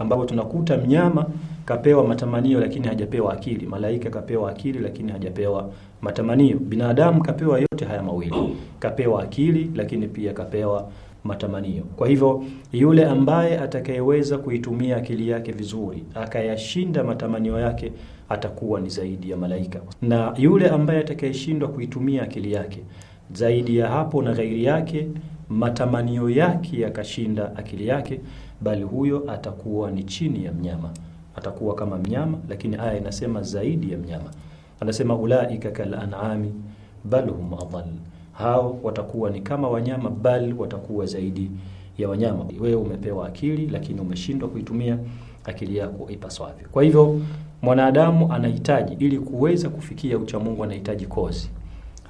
ambapo tunakuta mnyama kapewa matamanio lakini hajapewa akili, malaika kapewa akili lakini hajapewa matamanio, binadamu kapewa yote haya mawili, kapewa akili lakini pia kapewa matamanio. Kwa hivyo yule ambaye atakayeweza kuitumia akili yake vizuri akayashinda matamanio yake atakuwa ni zaidi ya malaika, na yule ambaye atakayeshindwa kuitumia akili yake zaidi ya hapo na ghairi yake, matamanio yake yakashinda akili yake bali huyo atakuwa ni chini ya mnyama, atakuwa kama mnyama, lakini aya inasema zaidi ya mnyama. Anasema ulaika kal an'ami bal hum adall, hao watakuwa ni kama wanyama, bali watakuwa zaidi ya wanyama. Wewe umepewa akili, lakini umeshindwa kuitumia akili yako ipaswavyo. Kwa hivyo mwanadamu anahitaji, ili kuweza kufikia uchamungu, anahitaji kozi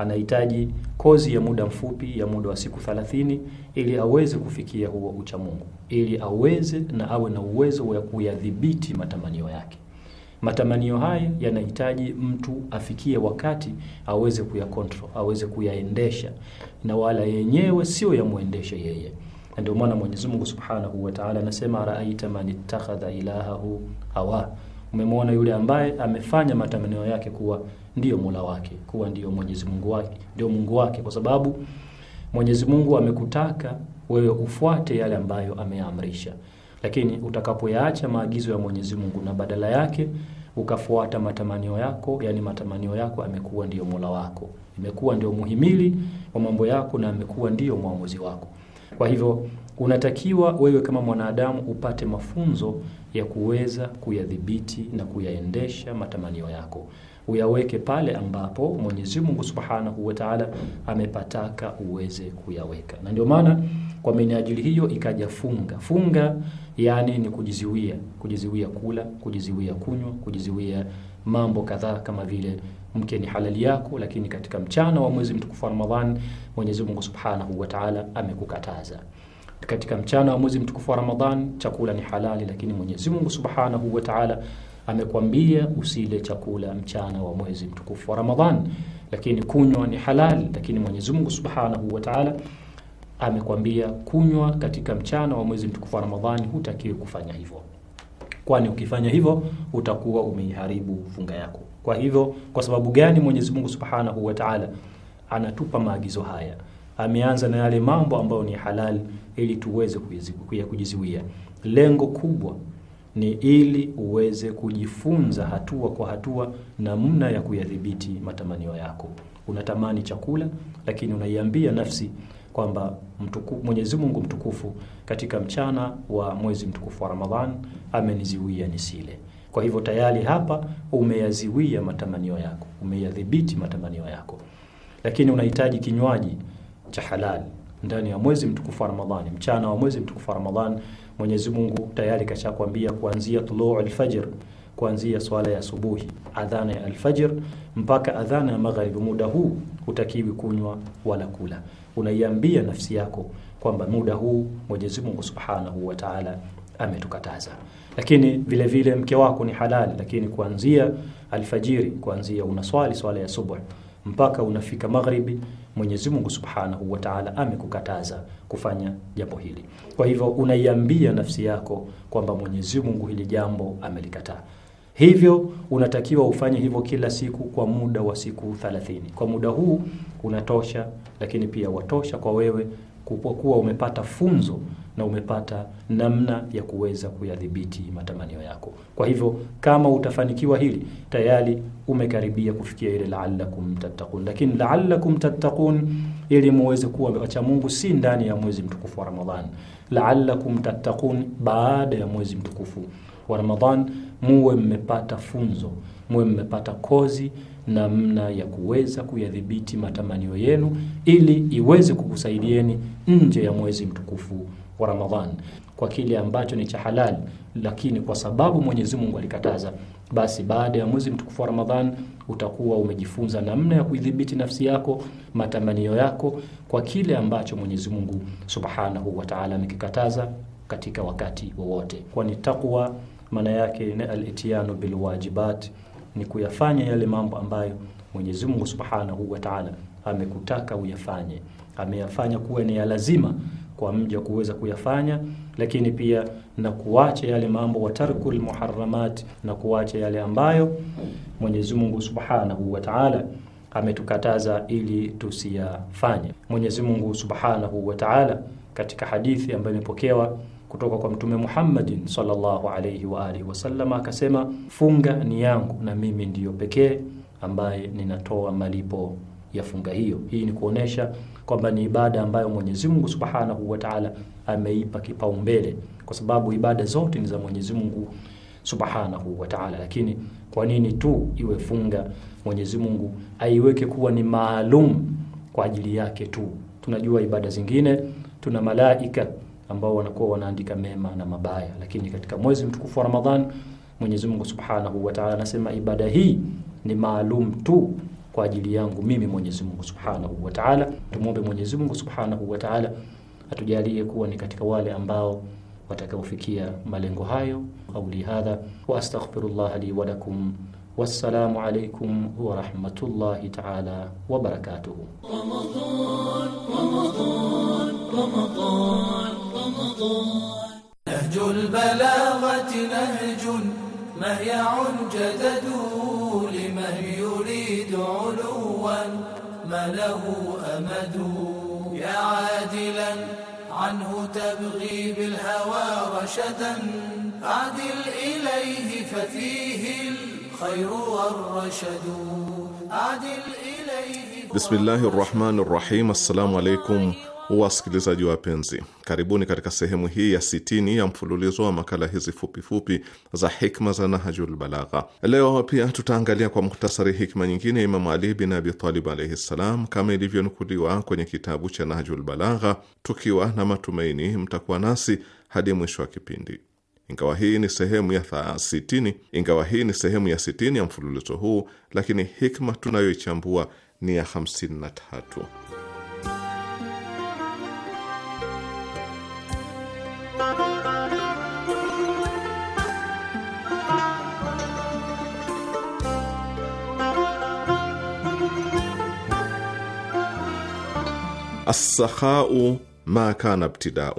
anahitaji kozi ya muda mfupi ya muda wa siku 30 ili aweze kufikia huo uchamungu, ili aweze na awe na uwezo wa kuyadhibiti matamanio yake. Matamanio haya yanahitaji mtu afikie wakati aweze kuyakontrol, aweze kuyaendesha, na wala yenyewe sio yamwendeshe yeye. Ndio maana Mwenyezi Mungu Subhanahu wa Ta'ala anasema raaita man ittakhadha ilahahu hawa, umemwona yule ambaye amefanya matamanio yake kuwa ndiyo Mola wake, kuwa ndiyo Mwenyezi Mungu wake, ndio Mungu wake, kwa sababu Mwenyezi Mungu amekutaka wewe ufuate yale ambayo ameamrisha, lakini utakapoyaacha maagizo ya Mwenyezi Mungu na badala yake ukafuata matamanio yako, yani matamanio yako amekuwa ndiyo Mola wako, imekuwa ndio muhimili wa mambo yako na amekuwa ndiyo mwamuzi wako. Kwa hivyo unatakiwa wewe kama mwanadamu upate mafunzo ya kuweza kuyadhibiti na kuyaendesha matamanio yako uyaweke pale ambapo Mwenyezi Mungu Subhanahu wa Ta'ala amepataka uweze kuyaweka. Na ndio maana kwa minajili hiyo ikaja funga. Funga yani ni kujiziwia, kujiziwia kula, kujiziwia kunywa, kujiziwia mambo kadhaa kama vile mke ni halali yako, lakini katika mchana wa mwezi mtukufu wa Ramadhan Mwenyezi Mungu Subhanahu wa Ta'ala amekukataza. Katika mchana wa mwezi mtukufu wa Ramadhan chakula ni halali, lakini Mwenyezi Mungu Subhanahu wa Ta'ala amekwambia usile chakula mchana wa mwezi mtukufu wa Ramadhan, lakini kunywa ni halali Lakini Mwenyezi Mungu Subhanahu wa Ta'ala amekwambia kunywa katika mchana wa mwezi mtukufu wa Ramadhani, hutakiwi kufanya hivyo, kwani ukifanya hivyo utakuwa umeiharibu funga yako. Kwa hivyo, kwa sababu gani Mwenyezi Mungu Subhanahu wa Ta'ala anatupa maagizo haya? Ameanza na yale mambo ambayo ni halal ili tuweze kuyakujizuia. Lengo kubwa ni ili uweze kujifunza hatua kwa hatua namna ya kuyadhibiti matamanio yako. Unatamani chakula, lakini unaiambia nafsi kwamba Mwenyezi Mungu mtukufu katika mchana wa mwezi mtukufu wa Ramadhan ameniziwia nisile. Kwa hivyo tayari hapa umeyaziwia matamanio yako, umeyadhibiti matamanio yako. Lakini unahitaji kinywaji cha halali ndani ya mwezi mtukufu wa Ramadhani, mchana wa mwezi mtukufu wa Ramadhani Mwenyezi Mungu tayari kashakwambia kuanzia tuluu alfajr, kuanzia swala ya asubuhi, adhana ya alfajr mpaka adhana ya magharibi, muda huu hutakiwi kunywa wala kula. Unaiambia nafsi yako kwamba muda huu Mwenyezi Mungu Subhanahu wa Ta'ala ametukataza. Lakini vile vile mke wako ni halali, lakini kuanzia alfajiri, kuanzia unaswali swala ya subuh mpaka unafika magharibi Mwenyezi Mungu Subhanahu wa Ta'ala amekukataza kufanya jambo hili. Kwa hivyo unaiambia nafsi yako kwamba Mwenyezi Mungu hili jambo amelikataa. Hivyo unatakiwa ufanye hivyo kila siku kwa muda wa siku 30. Kwa muda huu unatosha, lakini pia watosha kwa wewe kupokuwa umepata funzo na umepata namna ya kuweza kuyadhibiti matamanio yako. Kwa hivyo kama utafanikiwa hili, tayari umekaribia kufikia ile la'allakum tattaqun. Lakini la'allakum tattaqun, ili muweze kuwa wacha Mungu, si ndani ya mwezi mtukufu wa Ramadhan. La'allakum tattaqun, baada ya mwezi mtukufu wa Ramadhan, muwe mmepata funzo, muwe mmepata kozi namna ya kuweza kuyadhibiti matamanio yenu ili iweze kukusaidieni nje ya mwezi mtukufu wa Ramadhan kwa kile ambacho ni cha halal, lakini kwa sababu Mwenyezi Mungu alikataza, basi baada ya mwezi mtukufu wa Ramadhan utakuwa umejifunza namna ya kuidhibiti nafsi yako, matamanio yako kwa kile ambacho Mwenyezi Mungu Subhanahu wa Ta'ala amekikataza katika wakati wowote, kwani takwa maana yake ni al-itiyanu wajibat, ni kuyafanya yale mambo ambayo Mwenyezi Mungu Subhanahu wa Ta'ala amekutaka uyafanye, ameyafanya kuwa ni ya lazima kwa mja kuweza kuyafanya, lakini pia na kuacha yale mambo wa tarkul muharramat, na kuacha yale ambayo Mwenyezi Mungu Subhanahu wa Ta'ala ametukataza ili tusiyafanye. Mwenyezi Mungu Subhanahu wa Ta'ala katika hadithi ambayo imepokewa kutoka kwa Mtume Muhammadin sallallahu alayhi wa alihi wasallam akasema, funga ni yangu na mimi ndiyo pekee ambaye ninatoa malipo ya funga hiyo. Hii ni kuonesha kwamba ni ibada ambayo Mwenyezi Mungu Subhanahu wa Ta'ala ameipa kipaumbele, kwa sababu ibada zote ni za Mwenyezi Mungu Subhanahu wa Ta'ala. Lakini kwa nini tu iwe funga? Mwenyezi Mungu aiweke kuwa ni maalum kwa ajili yake tu. Tunajua ibada zingine, tuna malaika ambao wanakuwa wanaandika mema na mabaya, lakini katika mwezi mtukufu wa Ramadhani Mwenyezi Mungu Subhanahu wa Ta'ala anasema ibada hii ni maalum tu kwa ajili yangu mimi Mwenyezi Mungu Subhanahu wa Ta'ala. Tumwombe Mwenyezi Mungu Subhanahu wa Ta'ala atujalie kuwa ni katika wale ambao watakaofikia malengo hayo. Qauli hadha wa astaghfirullah li wa lakum. Wassalamu alaykum wa rahmatullahi ta'ala wa barakatuh. Nahjul balaghati nahjun mahya'un علوا ما له أمد يا عادلا عنه تبغي بالهوى رشدا عدل إليه ففيه الخير والرشد عدل إليه بسم الله الرحمن الرحيم السلام عليكم Wasikilizaji wapenzi, karibuni katika sehemu hii ya sitini ya mfululizo wa makala hizi fupifupi fupi za hikma za Nahjul Balagha. Leo pia tutaangalia kwa muhtasari hikma nyingine ya Imamu Ali bin Abi Talib alaihi ssalam, kama ilivyonukuliwa kwenye kitabu cha Nahjul Balagha, tukiwa na matumaini mtakuwa nasi hadi mwisho wa kipindi. Ingawa hii ni sehemu ya sitini, ingawa hii ni sehemu ya sitini ya mfululizo huu, lakini hikma tunayoichambua ni ya hamsini na tatu. assakhau ma kana fa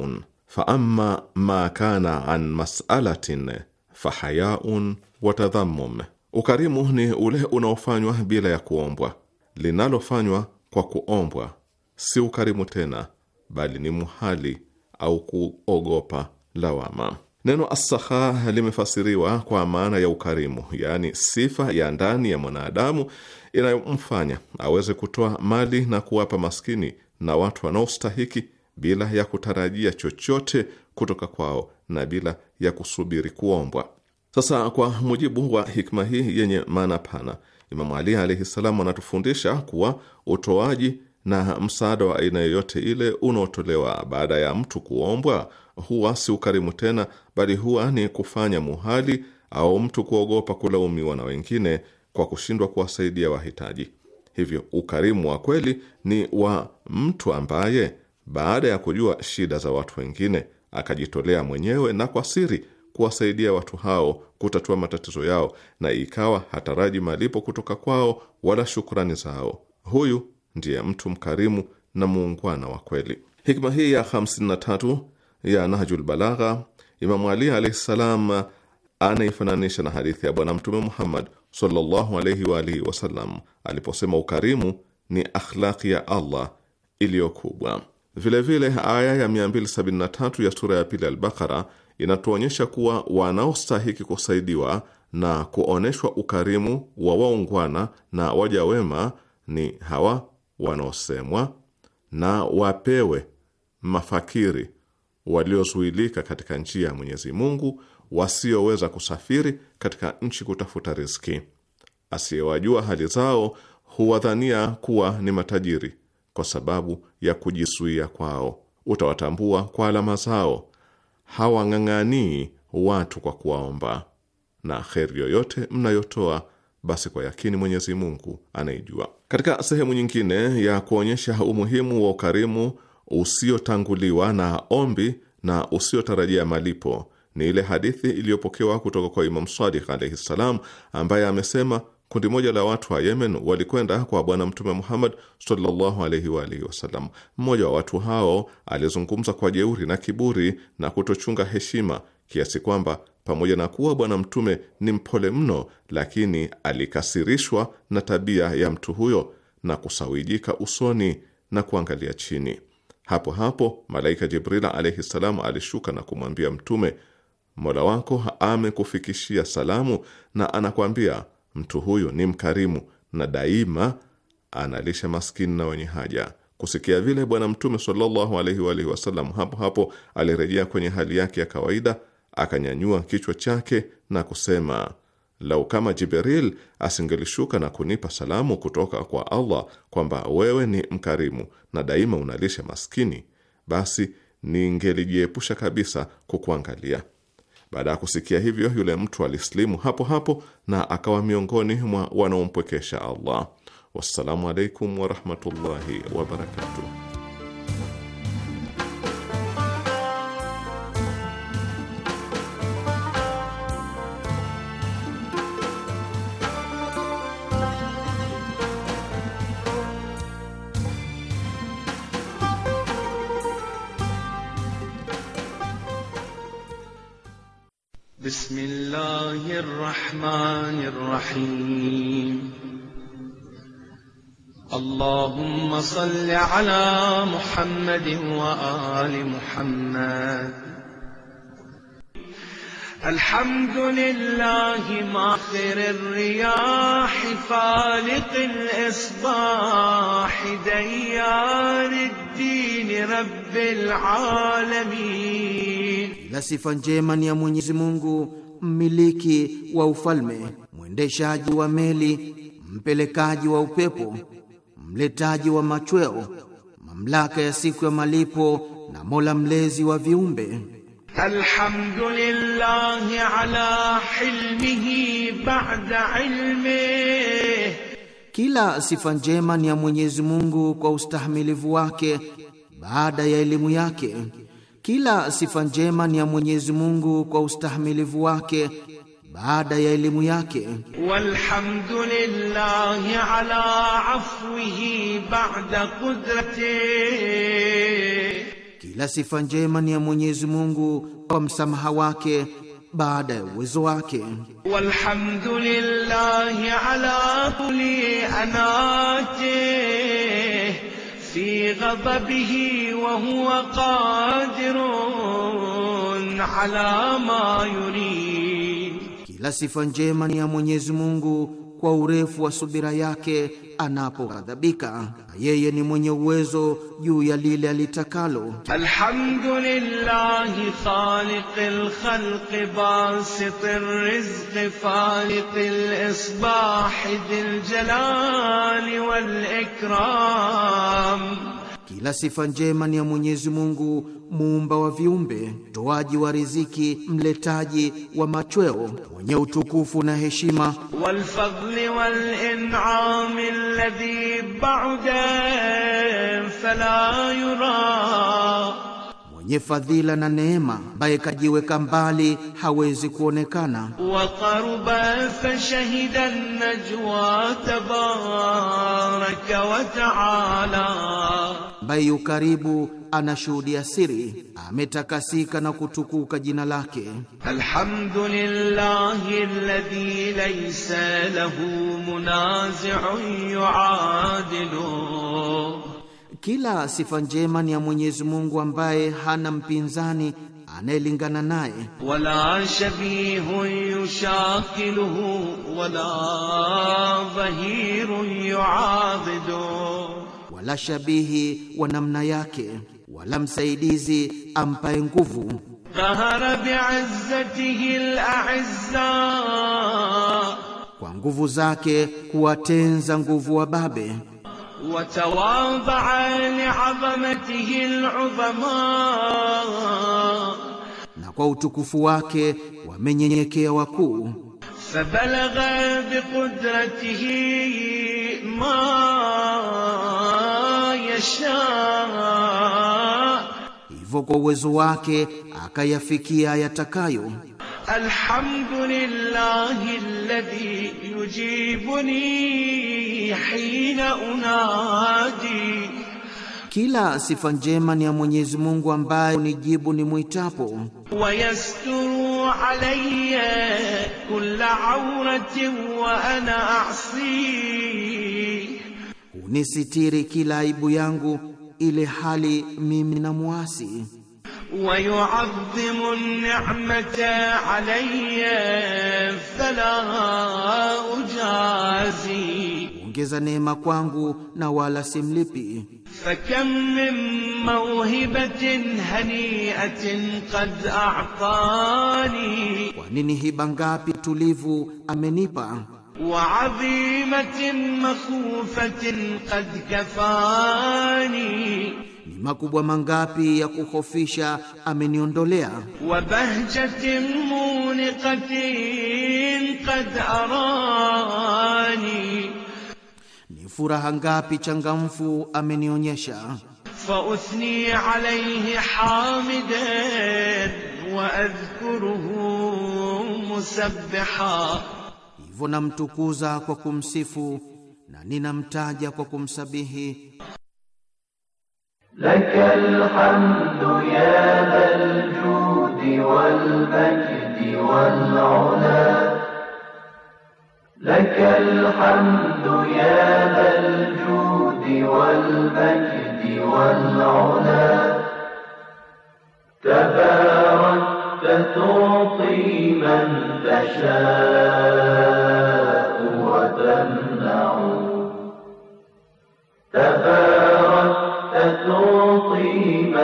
faama ma kana an masalatin fahayaun watadhammum, ukarimu ni ule unaofanywa bila ya kuombwa. Linalofanywa kwa kuombwa si ukarimu tena, bali ni muhali au kuogopa lawama. Neno assakha limefasiriwa kwa maana ya ukarimu, yaani sifa ya ndani ya mwanadamu inayomfanya aweze kutoa mali na kuwapa maskini na watu wanaostahiki bila ya kutarajia chochote kutoka kwao na bila ya kusubiri kuombwa. Sasa, kwa mujibu wa hikma hii yenye maana pana, Imamu Ali alaihi salam anatufundisha kuwa utoaji na msaada wa aina yoyote ile unaotolewa baada ya mtu kuombwa huwa si ukarimu tena, bali huwa ni kufanya muhali au mtu kuogopa kulaumiwa na wengine kwa kushindwa kuwasaidia wahitaji. Hivyo ukarimu wa kweli ni wa mtu ambaye baada ya kujua shida za watu wengine akajitolea mwenyewe na kwa siri kuwasaidia watu hao kutatua matatizo yao, na ikawa hataraji malipo kutoka kwao wala shukrani zao. Huyu ndiye mtu mkarimu na muungwana wa kweli. Hikma hii ya 53 ya Nahjul Balagha, Imamu Ali alayhi salam anaifananisha na hadithi ya Bwana Mtume Muhammad sallallahu alayhi wa alihi wasallam aliposema ukarimu ni akhlaqi ya Allah iliyo kubwa. Vilevile, aya ya 273 ya sura ya pili Al-Baqara inatuonyesha kuwa wanaostahiki kusaidiwa na kuonyeshwa ukarimu wa waungwana na waja wema ni hawa wanaosemwa na wapewe mafakiri waliozuilika katika njia ya Mwenyezi Mungu wasioweza kusafiri katika nchi kutafuta riziki. Asiyewajua hali zao huwadhania kuwa ni matajiri kwa sababu ya kujizuia kwao. Utawatambua kwa alama zao. Hawang'ang'anii watu kwa kuwaomba, na kheri yoyote mnayotoa basi kwa yakini Mwenyezi Mungu anaijua. Katika sehemu nyingine ya kuonyesha umuhimu wa ukarimu usiotanguliwa na ombi na usiotarajia malipo ni ile hadithi iliyopokewa kutoka kwa Imam Sadiq alaihi ssalam, ambaye amesema kundi moja la watu wa Yemen walikwenda kwa Bwana Mtume Muhammad sallallahu alaihi wa alihi wasallam. Mmoja wa watu hao alizungumza kwa jeuri na kiburi na kutochunga heshima kiasi kwamba pamoja na kuwa Bwana Mtume ni mpole mno, lakini alikasirishwa na tabia ya mtu huyo na kusawijika usoni na kuangalia chini. Hapo hapo malaika Jibril alaihi salam alishuka na kumwambia Mtume Mola wako amekufikishia salamu na anakwambia mtu huyu ni mkarimu na daima analisha maskini na wenye haja. Kusikia vile Bwana Mtume sallallahu alaihi wa alihi wasallam hapo hapo alirejea kwenye hali yake ya kawaida, akanyanyua kichwa chake na kusema, lau kama Jibril asingelishuka na kunipa salamu kutoka kwa Allah kwamba wewe ni mkarimu na daima unalisha maskini, basi ningelijiepusha kabisa kukuangalia. Baada ya kusikia hivyo, yule mtu alisilimu hapo hapo na akawa miongoni mwa wanaompwekesha Allah. Wassalamu alaikum warahmatullahi wabarakatuh. صل على محمد وآل محمد الحمد لله ماخر الرياح فالق الإصباح ديار الدين رب العالمين na sifa njema ni ya Mwenyezi Mungu mmiliki wa ufalme mwendeshaji wa meli mpelekaji wa upepo mletaji wa machweo, mamlaka ya siku ya malipo na Mola mlezi wa viumbe. Alhamdulillahi ala hilmihi ba'da ilmi. kila sifa njema ni ya Mwenyezi Mungu kwa ustahimilivu wake baada ya elimu yake. Kila sifa njema ni ya Mwenyezi Mungu kwa ustahimilivu wake baada ya elimu yake. Walhamdulillahi ala afwihi ba'da qudratihi, kila sifa njema ni ya Mwenyezi Mungu kwa msamaha wake baada ya uwezo wake. Walhamdulillahi ala kulli anati fi ghadabihi wa huwa qadirun ala ma yurid ila sifa njema ni ya Mwenyezi Mungu kwa urefu wa subira yake anapoghadhabika, yeye ni mwenye uwezo juu ya lile alitakalo. Alhamdulillahi khaliqil khalqi basitir rizqi faliqil isbahi dhil jalali wal ikram kila sifa njema ni ya Mwenyezi Mungu, muumba wa viumbe, toaji wa riziki, mletaji wa machweo, mwenye utukufu na heshima. wal fadli wal in'am alladhi ba'da fala yura mwenye fadhila na neema, ambaye kajiweka mbali hawezi kuonekana. wa qaruba fa shahida najwa tabarak wa taala, ambaye yu karibu anashuhudia siri, ametakasika na kutukuka jina lake. Alhamdulillahi alladhi laysa lahu munazi'un yu'adilu kila sifa njema ni ya Mwenyezi Mungu ambaye hana mpinzani anayelingana naye. wala shabihu yushakiluhu wala dhahiru yuadidu, wala shabihi wa namna yake, wala msaidizi ampaye nguvu. qahara bi'izzatihi al'izza, kwa nguvu zake kuwatenza nguvu wa babe وتواضع لعظمته العظماء na kwa utukufu wake wamenyenyekea wakuu fabalagha biqudratihi ma yasha hivyo kwa uwezo wake akayafikia yatakayo الحمد لله الذي يجيبني حين unadi. Kila sifa njema ni ya Mwenyezi Mungu ambaye unijibu ni mwitapo. yasturu alayya kulla auratin wa ana asi, unisitiri kila aibu yangu ile hali mimi na muasi. ويعظم النعمة علي فلا أجازي ongeza neema kwangu na wala simlipi. fakam min mawhibatin haniatin qad a'tani, kwa nini hiba ngapi tulivu amenipa wa azimatin makhufatin qad kafani makubwa mangapi ya kuhofisha ameniondolea. wa bahjatin muniqatin qad arani, ni furaha ngapi changamfu amenionyesha. fa uthni alayhi hamidan wa adhkuruhu musabbiha, hivyo namtukuza kwa kumsifu na ninamtaja kwa kumsabihi. لك الحمد يا ذا الجود والمجد والعلا لك الحمد يا ذا الجود والمجد والعلا تباركت تعطي من تشاء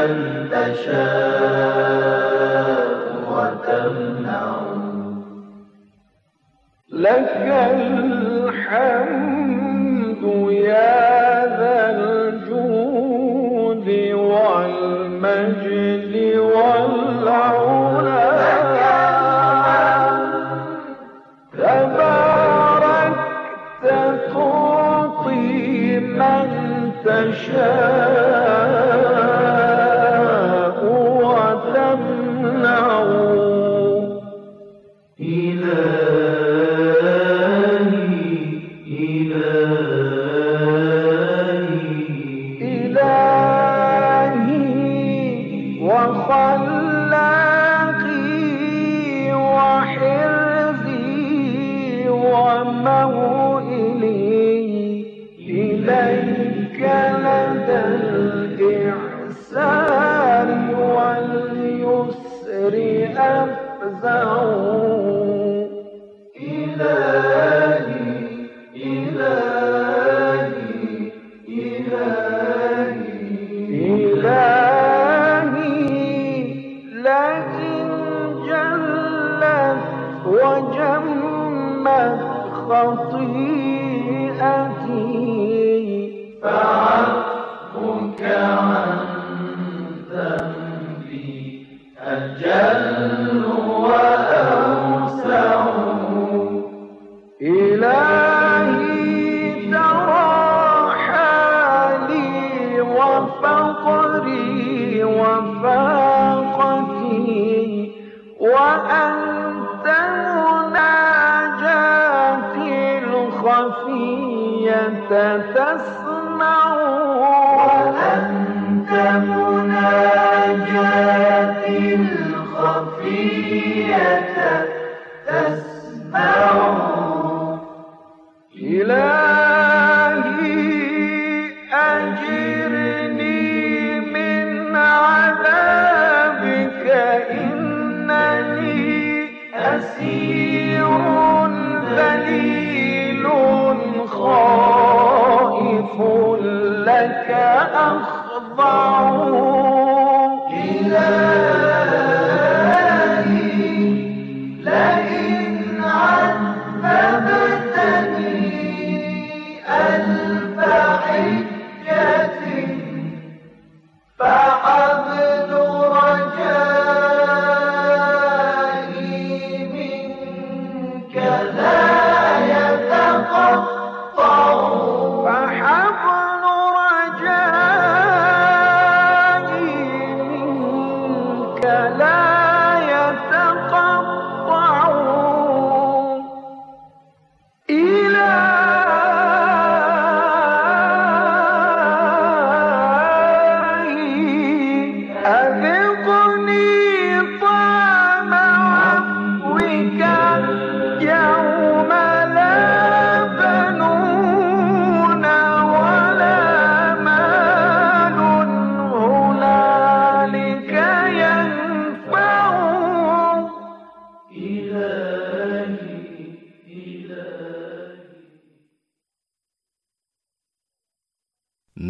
من تشاء وتمنع لك الحمد يا